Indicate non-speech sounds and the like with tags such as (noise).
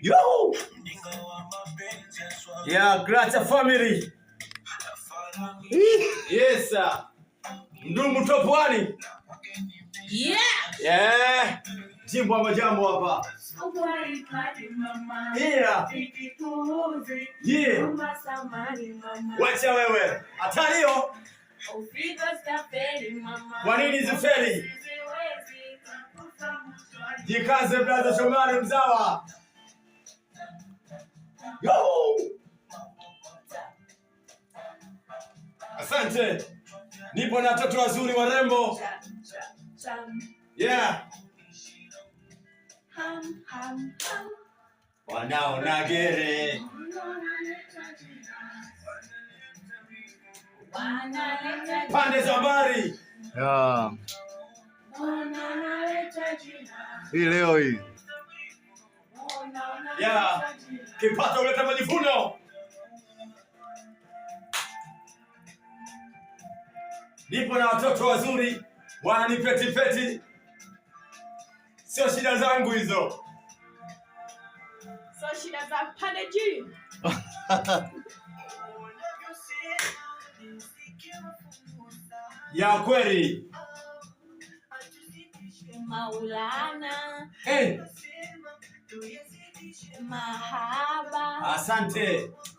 Yo! Yeah, Gracha family. Yes, sir. topwani. Yeah. Yeah. Jimbo ama jambo hapa. Yeah. Yeah. Wacha wewe. Hata hiyo. Kwa nini zifeli? Jikaze brother Shomari mzawa. Yo! Asante. Nipo na watoto wazuri warembo. Yeah. na gere. Pande za habari. Yeah hii leo hii yeah. Kipato uleta majivuno nipo na watoto wazuri wananipetipeti, sio shida zangu hizo, sio shida za pande juu (laughs) ya kweli Maulana. Eh. Hey. Mahaba. Asante.